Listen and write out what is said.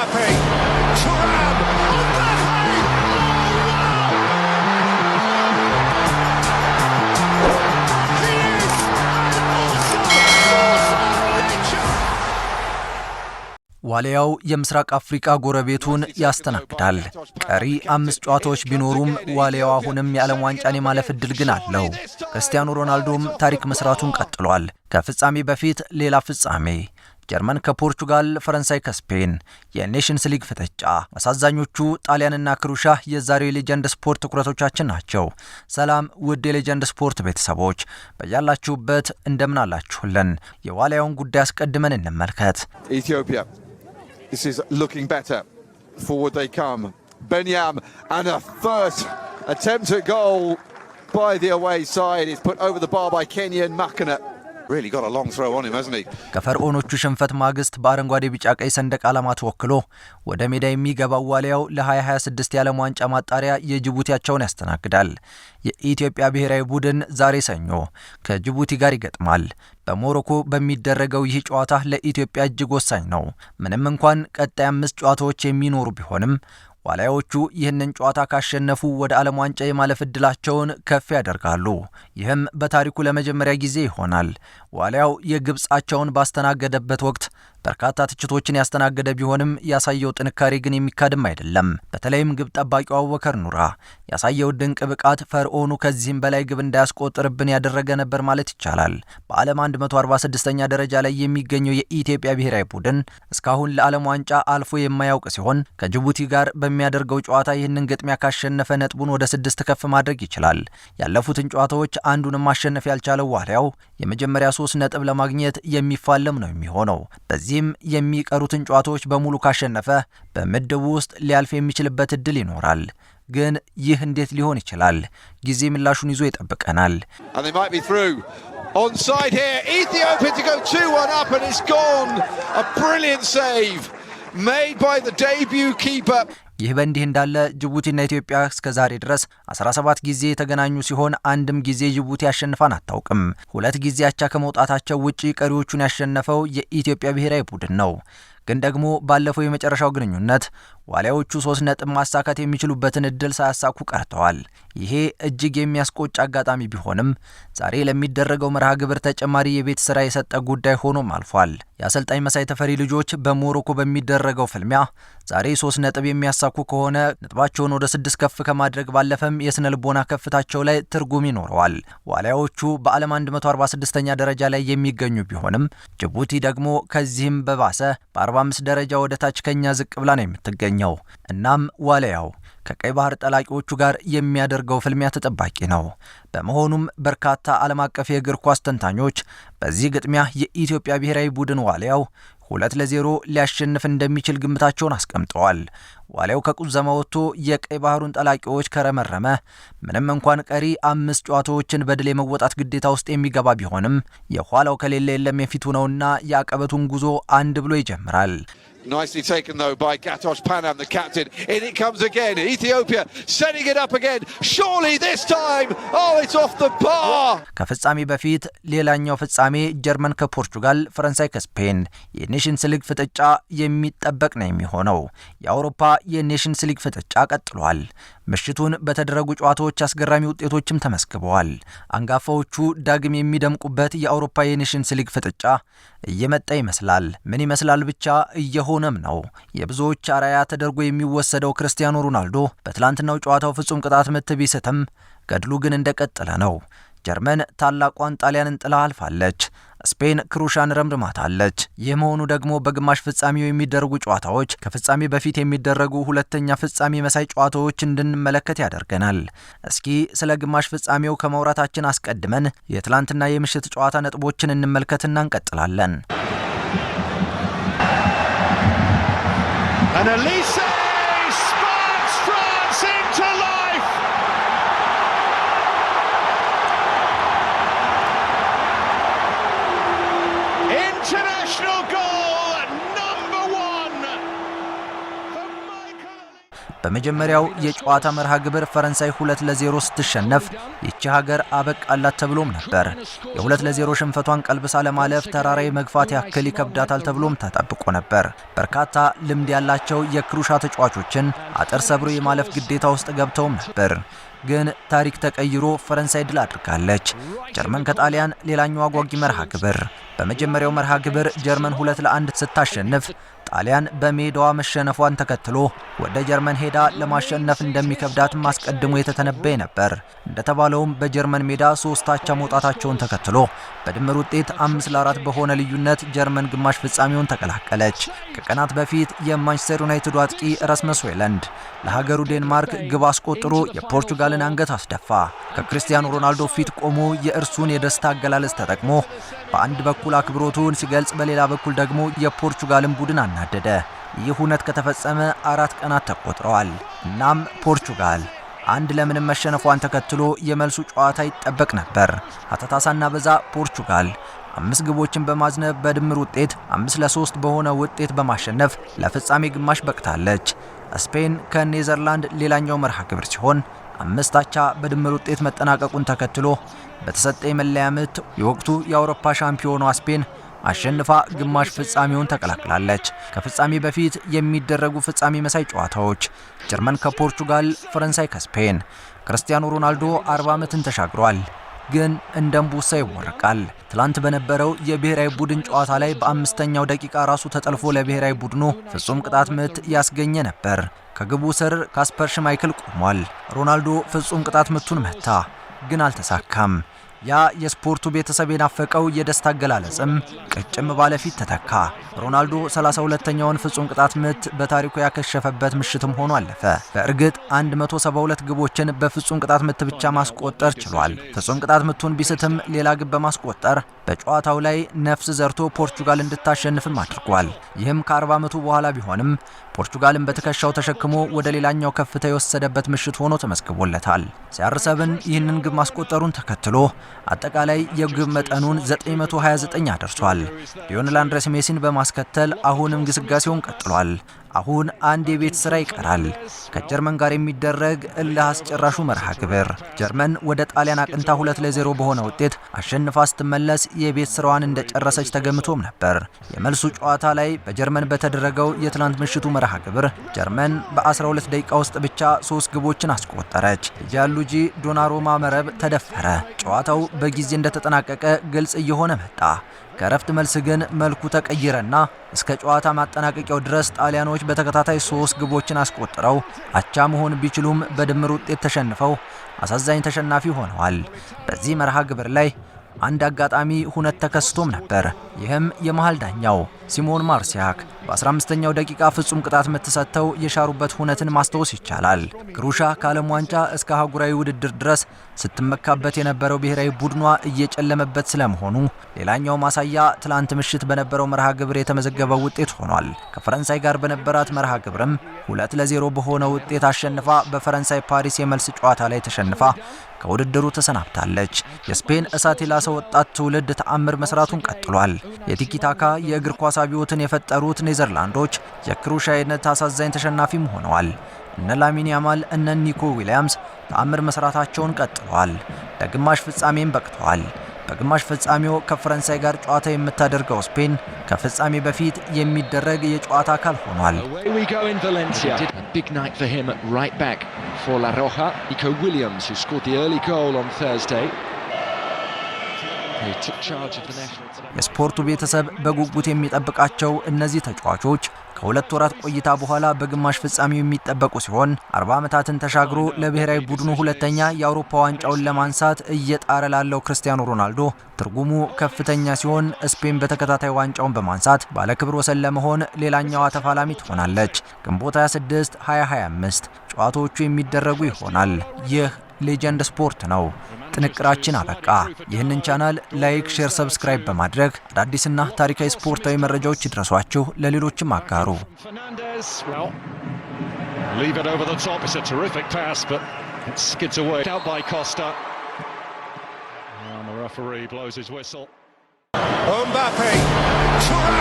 Mbappe. Thuram. Mbappe! ዋልያው የምስራቅ አፍሪካ ጎረቤቱን ያስተናግዳል። ቀሪ አምስት ጨዋታዎች ቢኖሩም ዋልያው አሁንም የዓለም ዋንጫን የማለፍ እድል ግን አለው። ክርስቲያኖ ሮናልዶም ታሪክ መስራቱን ቀጥሏል። ከፍጻሜ በፊት ሌላ ፍጻሜ ጀርመን ከፖርቹጋል፣ ፈረንሳይ ከስፔን የኔሽንስ ሊግ ፍጥጫ። አሳዛኞቹ ጣሊያንና ክሩሻ የዛሬው የሌጀንድ ስፖርት ትኩረቶቻችን ናቸው። ሰላም ውድ የሌጀንድ ስፖርት ቤተሰቦች በያላችሁበት እንደምን አላችሁልን? የዋልያውን ጉዳይ አስቀድመን እንመልከት። ኢትዮጵያ ስ ከፈርዖኖቹ ሽንፈት ማግስት በአረንጓዴ ቢጫ ቀይ ሰንደቅ ዓላማ ተወክሎ ወደ ሜዳ የሚገባው ዋሊያው ለ2026 የዓለም ዋንጫ ማጣሪያ የጅቡቲያቸውን ያስተናግዳል። የኢትዮጵያ ብሔራዊ ቡድን ዛሬ ሰኞ ከጅቡቲ ጋር ይገጥማል። በሞሮኮ በሚደረገው ይህ ጨዋታ ለኢትዮጵያ እጅግ ወሳኝ ነው። ምንም እንኳን ቀጣይ አምስት ጨዋታዎች የሚኖሩ ቢሆንም ዋልያዎቹ ይህንን ጨዋታ ካሸነፉ ወደ ዓለም ዋንጫ የማለፍ እድላቸውን ከፍ ያደርጋሉ። ይህም በታሪኩ ለመጀመሪያ ጊዜ ይሆናል። ዋልያው የግብፃቸውን ባስተናገደበት ወቅት በርካታ ትችቶችን ያስተናገደ ቢሆንም ያሳየው ጥንካሬ ግን የሚካድም አይደለም። በተለይም ግብ ጠባቂው አቡበከር ኑራ ያሳየው ድንቅ ብቃት ፈርዖኑ ከዚህም በላይ ግብ እንዳያስቆጥርብን ያደረገ ነበር ማለት ይቻላል። በዓለም 146ኛ ደረጃ ላይ የሚገኘው የኢትዮጵያ ብሔራዊ ቡድን እስካሁን ለዓለም ዋንጫ አልፎ የማያውቅ ሲሆን ከጅቡቲ ጋር በሚያደርገው ጨዋታ ይህንን ግጥሚያ ካሸነፈ ነጥቡን ወደ ስድስት ከፍ ማድረግ ይችላል። ያለፉትን ጨዋታዎች አንዱንም ማሸነፍ ያልቻለው ዋልያው የመጀመሪያ ሶስት ነጥብ ለማግኘት የሚፋለም ነው የሚሆነው በዚህ በዚህም የሚቀሩትን ጨዋታዎች በሙሉ ካሸነፈ በምድቡ ውስጥ ሊያልፍ የሚችልበት እድል ይኖራል። ግን ይህ እንዴት ሊሆን ይችላል? ጊዜ ምላሹን ይዞ ይጠብቀናል። ይህ በእንዲህ እንዳለ ጅቡቲና ኢትዮጵያ እስከ ዛሬ ድረስ 17 ጊዜ የተገናኙ ሲሆን አንድም ጊዜ ጅቡቲ አሸንፋን አታውቅም። ሁለት ጊዜ አቻ ከመውጣታቸው ውጪ ቀሪዎቹን ያሸነፈው የኢትዮጵያ ብሔራዊ ቡድን ነው። ግን ደግሞ ባለፈው የመጨረሻው ግንኙነት ዋሊያዎቹ ሶስት ነጥብ ማሳካት የሚችሉበትን እድል ሳያሳኩ ቀርተዋል። ይሄ እጅግ የሚያስቆጭ አጋጣሚ ቢሆንም ዛሬ ለሚደረገው መርሃ ግብር ተጨማሪ የቤት ስራ የሰጠ ጉዳይ ሆኖም አልፏል። የአሰልጣኝ መሳይ ተፈሪ ልጆች በሞሮኮ በሚደረገው ፍልሚያ ዛሬ ሶስት ነጥብ የሚያሳኩ ከሆነ ነጥባቸውን ወደ ስድስት ከፍ ከማድረግ ባለፈም የስነ ልቦና ከፍታቸው ላይ ትርጉም ይኖረዋል። ዋሊያዎቹ በዓለም 146ኛ ደረጃ ላይ የሚገኙ ቢሆንም ጅቡቲ ደግሞ ከዚህም በባሰ በ አምስት 45 ደረጃ ወደ ታች ከኛ ዝቅ ብላ ነው የምትገኘው። እናም ዋልያው ከቀይ ባህር ጠላቂዎቹ ጋር የሚያደርገው ፍልሚያ ተጠባቂ ነው። በመሆኑም በርካታ ዓለም አቀፍ የእግር ኳስ ተንታኞች በዚህ ግጥሚያ የኢትዮጵያ ብሔራዊ ቡድን ዋልያው ሁለት ለዜሮ ሊያሸንፍ እንደሚችል ግምታቸውን አስቀምጠዋል። ዋሊያው ከቁዘማ ወጥቶ የቀይ ባህሩን ጠላቂዎች ከረመረመ ምንም እንኳን ቀሪ አምስት ጨዋታዎችን በድል የመወጣት ግዴታ ውስጥ የሚገባ ቢሆንም የኋላው ከሌለ የለም የፊቱ ነውና የአቀበቱን ጉዞ አንድ ብሎ ይጀምራል። Nicely taken though by Gatos Panam, the captain. In it comes again. Ethiopia setting it up again. Surely this time. Oh, it's off the bar. ከፍጻሜ በፊት ሌላኛው ፍጻሜ ጀርመን ከፖርቹጋል፣ ፈረንሳይ ከስፔን የኔሽንስ ሊግ ፍጥጫ የሚጠበቅ ነው የሚሆነው። የአውሮፓ የኔሽንስ ሊግ ፍጥጫ ቀጥሏል። ምሽቱን በተደረጉ ጨዋታዎች አስገራሚ ውጤቶችም ተመስግበዋል። አንጋፋዎቹ ዳግም የሚደምቁበት የአውሮፓ የኔሽንስ ሊግ ፍጥጫ እየመጣ ይመስላል። ምን ይመስላል ብቻ እየሆነም ነው። የብዙዎች አርአያ ተደርጎ የሚወሰደው ክርስቲያኖ ሮናልዶ በትላንትናው ጨዋታው ፍጹም ቅጣት ምት ቢስትም ገድሉ ግን እንደቀጠለ ነው። ጀርመን ታላቋን ጣሊያንን ጥላ አልፋለች። ስፔን ክሩሻን ረምድማታለች። ይህ መሆኑ ደግሞ በግማሽ ፍጻሜው የሚደረጉ ጨዋታዎች ከፍጻሜ በፊት የሚደረጉ ሁለተኛ ፍጻሜ መሳይ ጨዋታዎች እንድንመለከት ያደርገናል። እስኪ ስለ ግማሽ ፍጻሜው ከማውራታችን አስቀድመን የትላንትና የምሽት ጨዋታ ነጥቦችን እንመልከትና እንቀጥላለን። በመጀመሪያው የጨዋታ መርሃ ግብር ፈረንሳይ 2 ለ0 ስትሸነፍ ይቺ ሀገር አበቃላት ተብሎም ነበር። የ2 ለ0 ሽንፈቷን ቀልብሳ ለማለፍ ተራራዊ መግፋት ያክል ይከብዳታል ተብሎም ተጠብቆ ነበር። በርካታ ልምድ ያላቸው የክሩሻ ተጫዋቾችን አጥር ሰብሮ የማለፍ ግዴታ ውስጥ ገብተውም ነበር። ግን ታሪክ ተቀይሮ ፈረንሳይ ድል አድርጋለች። ጀርመን ከጣሊያን ሌላኛው አጓጊ መርሃ ግብር። በመጀመሪያው መርሃ ግብር ጀርመን 2 ለ1 ስታሸንፍ ጣሊያን በሜዳዋ መሸነፏን ተከትሎ ወደ ጀርመን ሄዳ ለማሸነፍ እንደሚከብዳትም አስቀድሞ የተተነበየ ነበር። እንደተባለውም በጀርመን ሜዳ ሶስታቻ መውጣታቸውን ተከትሎ በድምር ውጤት አምስት ለአራት በሆነ ልዩነት ጀርመን ግማሽ ፍጻሜውን ተቀላቀለች። ከቀናት በፊት የማንቸስተር ዩናይትድ አጥቂ ረስመስ ሆይለንድ ለሀገሩ ዴንማርክ ግብ አስቆጥሮ የፖርቹጋልን አንገት አስደፋ። ከክርስቲያኖ ሮናልዶ ፊት ቆሞ የእርሱን የደስታ አገላለጽ ተጠቅሞ በአንድ በኩል አክብሮቱን ሲገልጽ፣ በሌላ በኩል ደግሞ የፖርቹጋልን ቡድን አና ተናደደ። ይህ እውነት ከተፈጸመ አራት ቀናት ተቆጥረዋል። እናም ፖርቹጋል አንድ ለምንም መሸነፏን ተከትሎ የመልሱ ጨዋታ ይጠበቅ ነበር። አተታሳና በዛ ፖርቹጋል አምስት ግቦችን በማዝነብ በድምር ውጤት አምስት ለሶስት በሆነ ውጤት በማሸነፍ ለፍጻሜ ግማሽ በቅታለች። ስፔን ከኔዘርላንድ ሌላኛው መርሃ ግብር ሲሆን አምስት አቻ በድምር ውጤት መጠናቀቁን ተከትሎ በተሰጠ የመለያ ምት የወቅቱ የአውሮፓ ሻምፒዮኗ ስፔን አሸንፋ ግማሽ ፍጻሜውን ተቀላቅላለች። ከፍጻሜ በፊት የሚደረጉ ፍጻሜ መሳይ ጨዋታዎች ጀርመን ከፖርቹጋል፣ ፈረንሳይ ከስፔን። ክርስቲያኖ ሮናልዶ 40 ዓመትን ተሻግሯል፣ ግን እንደምቡሳ እምቡሳ ይቦርቃል። ትላንት በነበረው የብሔራዊ ቡድን ጨዋታ ላይ በአምስተኛው ደቂቃ ራሱ ተጠልፎ ለብሔራዊ ቡድኑ ፍጹም ቅጣት ምት ያስገኘ ነበር። ከግቡ ስር ካስፐር ሽማይክል ቆሟል። ሮናልዶ ፍጹም ቅጣት ምቱን መታ፣ ግን አልተሳካም። ያ የስፖርቱ ቤተሰብ የናፈቀው የደስታ አገላለጽም ቅጭም ባለፊት ተተካ። ሮናልዶ 32ኛውን ፍጹም ቅጣት ምት በታሪኩ ያከሸፈበት ምሽትም ሆኖ አለፈ። በእርግጥ 172 ግቦችን በፍጹም ቅጣት ምት ብቻ ማስቆጠር ችሏል። ፍጹም ቅጣት ምቱን ቢስትም ሌላ ግብ በማስቆጠር በጨዋታው ላይ ነፍስ ዘርቶ ፖርቹጋል እንድታሸንፍም አድርጓል። ይህም ከ40 ዓመቱ በኋላ ቢሆንም ፖርቹጋልን በትከሻው ተሸክሞ ወደ ሌላኛው ከፍታ የወሰደበት ምሽት ሆኖ ተመዝግቦለታል። ሲያርሰብን ይህንን ግብ ማስቆጠሩን ተከትሎ አጠቃላይ የግብ መጠኑን 929 አደርሷል። ሊዮኔል አንድሬስ ሜሲን በማስከተል አሁንም ግስጋሴውን ቀጥሏል። አሁን አንድ የቤት ስራ ይቀራል፣ ከጀርመን ጋር የሚደረግ እልህ አስጨራሹ መርሃ ግብር። ጀርመን ወደ ጣሊያን አቅንታ 2 ለዜሮ በሆነ ውጤት አሸንፋ ስትመለስ የቤት ስራዋን እንደጨረሰች ተገምቶም ነበር። የመልሱ ጨዋታ ላይ በጀርመን በተደረገው የትናንት ምሽቱ መርሃ ግብር ጀርመን በ12 ደቂቃ ውስጥ ብቻ ሶስት ግቦችን አስቆጠረች። ጃንሉጂ ዶናሮማ መረብ ተደፈረ። ጨዋታው በጊዜ እንደተጠናቀቀ ግልጽ እየሆነ መጣ። ከእረፍት መልስ ግን መልኩ ተቀይረና እስከ ጨዋታ ማጠናቀቂያው ድረስ ጣሊያኖች በተከታታይ ሶስት ግቦችን አስቆጥረው አቻ መሆን ቢችሉም በድምር ውጤት ተሸንፈው አሳዛኝ ተሸናፊ ሆነዋል። በዚህ መርሃ ግብር ላይ አንድ አጋጣሚ ሁነት ተከስቶም ነበር። ይህም የመሃል ዳኛው ሲሞን ማርሲያክ በ15ኛው ደቂቃ ፍጹም ቅጣት የምትሰጥተው የሻሩበት ሁነትን ማስታወስ ይቻላል። ግሩሻ ከዓለም ዋንጫ እስከ አህጉራዊ ውድድር ድረስ ስትመካበት የነበረው ብሔራዊ ቡድኗ እየጨለመበት ስለመሆኑ ሌላኛው ማሳያ ትላንት ምሽት በነበረው መርሃ ግብር የተመዘገበው ውጤት ሆኗል። ከፈረንሳይ ጋር በነበራት መርሃ ግብርም ሁለት ለዜሮ በሆነ ውጤት አሸንፋ በፈረንሳይ ፓሪስ የመልስ ጨዋታ ላይ ተሸንፋ ከውድድሩ ተሰናብታለች። የስፔን እሳት የላሰው ወጣት ትውልድ ተአምር መስራቱን ቀጥሏል። የቲኪታካ የእግር ኳስ አብዮትን የፈጠሩት ኔዘርላንዶች የክሩሽ አይነት አሳዛኝ ተሸናፊም ሆነዋል። እነ ላሚን ያማል እነ ኒኮ ዊሊያምስ ተአምር መስራታቸውን ቀጥለዋል። ለግማሽ ፍጻሜም በቅተዋል። በግማሽ ፍጻሜው ከፈረንሳይ ጋር ጨዋታ የምታደርገው ስፔን ከፍጻሜ በፊት የሚደረግ የጨዋታ አካል ሆኗል። የስፖርቱ ቤተሰብ በጉጉት የሚጠብቃቸው እነዚህ ተጫዋቾች ከሁለት ወራት ቆይታ በኋላ በግማሽ ፍጻሜው የሚጠበቁ ሲሆን አርባ ዓመታትን ተሻግሮ ለብሔራዊ ቡድኑ ሁለተኛ የአውሮፓ ዋንጫውን ለማንሳት እየጣረ ላለው ክርስቲያኖ ሮናልዶ ትርጉሙ ከፍተኛ ሲሆን ስፔን በተከታታይ ዋንጫውን በማንሳት ባለክብር ወሰን ለመሆን ሌላኛዋ ተፋላሚ ትሆናለች። ግንቦት 26 2025 ጨዋታዎቹ የሚደረጉ ይሆናል። ይህ ሌጀንድ ስፖርት ነው። ጥንቅራችን አበቃ። ይህንን ቻናል ላይክ፣ ሼር፣ ሰብስክራይብ በማድረግ አዳዲስና ታሪካዊ ስፖርታዊ መረጃዎች ይድረሷችሁ፣ ለሌሎችም አጋሩ። Mbappe